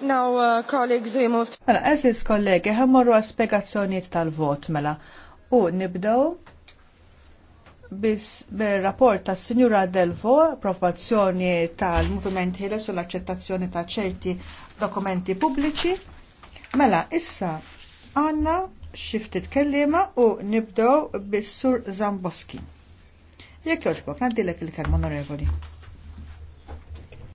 Now, uh, colleagues, we moved. Mela, eżis kollegi, ħemmorru għaspegazzjoniet tal-vot, mela. U nibdow bis rapport ta' Signora Delvo, approvazzjoni tal-Movement u sull-accettazzjoni ta' ċerti dokumenti pubbliċi. Mela, issa għanna xiftit kellima u nibdow bis-sur Zamboski. Jekk joġbok, għandilek il-kelma onorevoli.